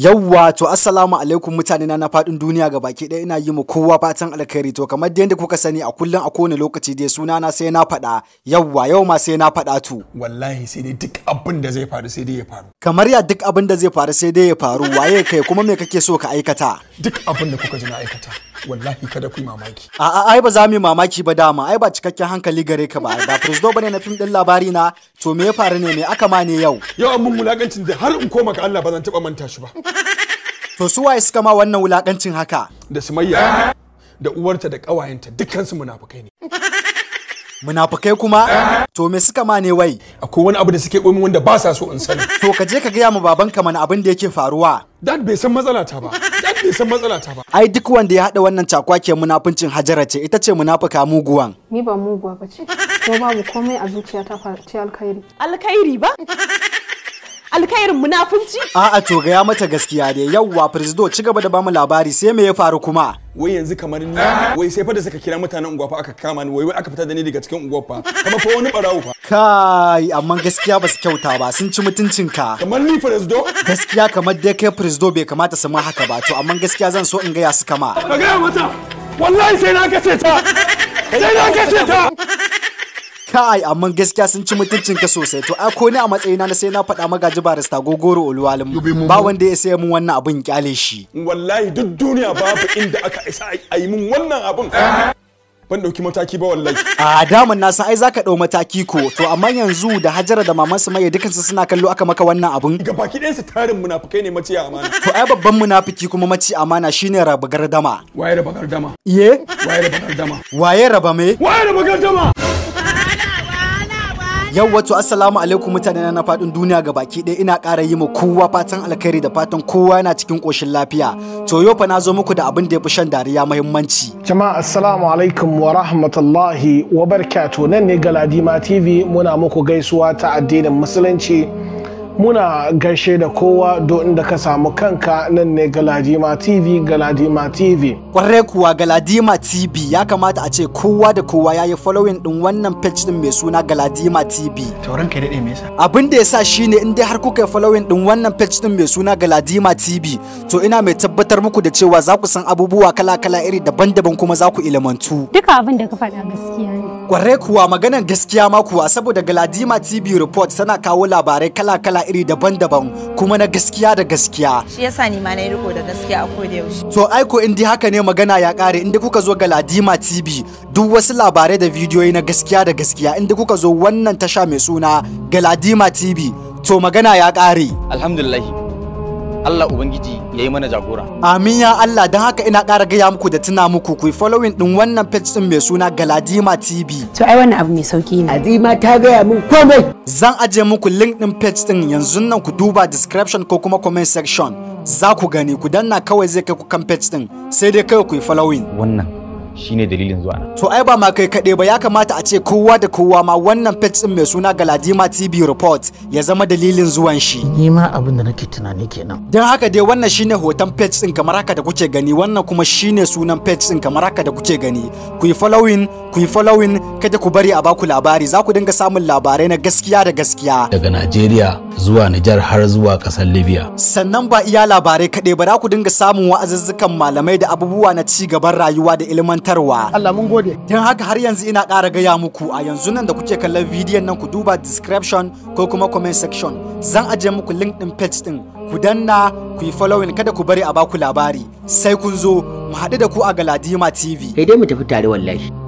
Yawwa to assalamu alaikum mutane na faɗin duniya ga baki ɗaya ina yi mu kowa fatan alkhairi to kamar yadda kuka sani a kullum a kowane lokaci dai suna na sai na faɗa yawwa yau ma sai na faɗa tu. Wallahi sai dai duk abin da zai faru sai dai ya faru. Kamar ya duk abin da zai faru sai dai ya faru waye kai kuma me kake so ka aikata? Duk abin da kuka ji na aikata. wallahi kada ku yi mamaki a ai ba za mu yi mamaki ba dama ai ba cikakken hankali gare ka ba da presdo bane na fim din labari na to me ya faru ne me aka ma ne yau yau an mun mulakancin da har in koma ga Allah ba zan taba manta shi ba to su waye suka ma wannan wulakancin haka da sumayya da uwarta da ƙawayenta dukkansu munafukai ne munafukai kuma to me suka ma ne wai akwai wani abu da suke komai wanda ba sa so in sani to ka je ka gaya ma babanka mana abin da yake faruwa dad bai san matsala ta ba bai san matsala ta ba ai duk wanda ya haɗa wannan ke munafincin hajara ce ita ce munafuka muguwan ni ba muguwa ba ce ko babu komai a zuciyata ta alkhairi alkhairi ba alkhairin munafunci? A'a to gaya mata gaskiya dai yawwa firzido ci gaba da bamu labari sai me ya faru kuma? Wai yanzu kamar ni wai sai fa da suka kira mutanen unguwa fa aka kama ni wai wai aka fita da ni daga cikin unguwa fa kama fa wani barawo fa. Kai amma gaskiya ba su kyauta ba sun ci mutuncin ka. Kamar ni firzido? Gaskiya kamar dai kai firzido bai kamata su ma haka ba to amma gaskiya zan so in gaya su kama. Ka gaya mata wallahi sai na kace ta sai na kace ta. kai amma gaskiya sun ci mutuncin ka sosai to ko ni a matsayina na sai na faɗa magaji barista gogoro olwalim ba wanda ya sai mun wannan abin kyale shi wallahi duk duniya babu inda aka isa a yi mun wannan abin ban dauki mataki ba wallahi a daman na san ai zaka dau mataki ko to amma yanzu da Hajara da maman su mai dukan su suna kallo aka maka wannan abun ga baki ɗayan su tarin munafikai ne maciya amana to ai babban munafiki kuma maci amana shine raba gardama waye raba gardama iye waye raba gardama waye raba me waye raba gardama Yau wato assalamu alaikum mutane na faɗin duniya ga baki ɗaya ina ƙara yi ma kowa fatan alkhairi da fatan kowa yana cikin koshin lafiya. yau fa na zo muku da abin da ya fi shan dariya muhimmanci. Jama'a assalamu alaikum wa rahmatullahi wa barakatuh nan ne Galadima TV muna muku gaisuwa ta addinin musulunci. muna gaishe da kowa don da ka samu kanka nan ne galadima tv galadima tv kwarai kuwa galadima tv ya kamata a ce kowa da kowa ya yi following din wannan page din mai suna galadima tv tauran kai daɗe me yasa abin da ya sa shine in dai har kuka yi following din wannan page din mai suna galadima tv to ina mai tabbatar muku da cewa za ku san abubuwa kala-kala iri daban-daban kuma za ku ilmantu duka abin da ka faɗa gaskiya ne kwarai kuwa maganar gaskiya ma kuwa saboda galadima tv report tana kawo labarai kala-kala iri daban-daban kuma na gaskiya da gaskiya shi yasa ni ma na riko da gaskiya a koda yaushe to aiko in dai haka ne magana ya kare inda kuka zo ga Ladima TV duk wasu labarai da bidiyoyi na gaskiya da gaskiya inda kuka zo wannan tasha mai suna Galadima TV to magana ya kare alhamdulillah Allah Ubangiji ya yi mana jagora. Amin ya Allah don haka ina ƙara gaya muku da tuna muku ku following ɗin wannan page ɗin mai suna Galadima TV. To ai wannan abu mai sauki ne. azima ta gaya min komai. Zan aje muku link ɗin page ɗin yanzu nan ku duba description ko kuma comment section. Za ku gani ku danna kawai zai kai ku kan page ɗin sai dai kawai ku yi following. Wannan shine dalilin zuwa na. To ai ba ma kai kaɗai ba ya kamata a ce kowa da kowa ma wannan page ɗin mai suna Galadima TV report ya zama dalilin zuwan shi. Ni ma abin da nake tunani kenan. Don haka dai wannan shine hoton page ɗin kamar haka da kuke gani wannan kuma shine sunan page ɗin kamar haka da kuke gani. Ku yi following ku yi following kada ku bari a baku labari za ku dinga samun labarai na gaskiya da gaskiya daga Najeriya zuwa Nijar har zuwa kasar Libya sannan ba iya labarai kaɗai ba za ku dinga samun wa'azuzzukan malamai da abubuwa na ci gaban rayuwa da ilmantarwa Allah mun gode don haka har yanzu ina ƙara gaya muku a yanzu nan da kuke kallon bidiyon nan ku duba description ko kuma comment section zan ajiye muku link din page din ku danna ku yi following kada ku bari a baku labari sai kun zo mu haɗu da ku a Galadima TV kai dai mu tafi tare wallahi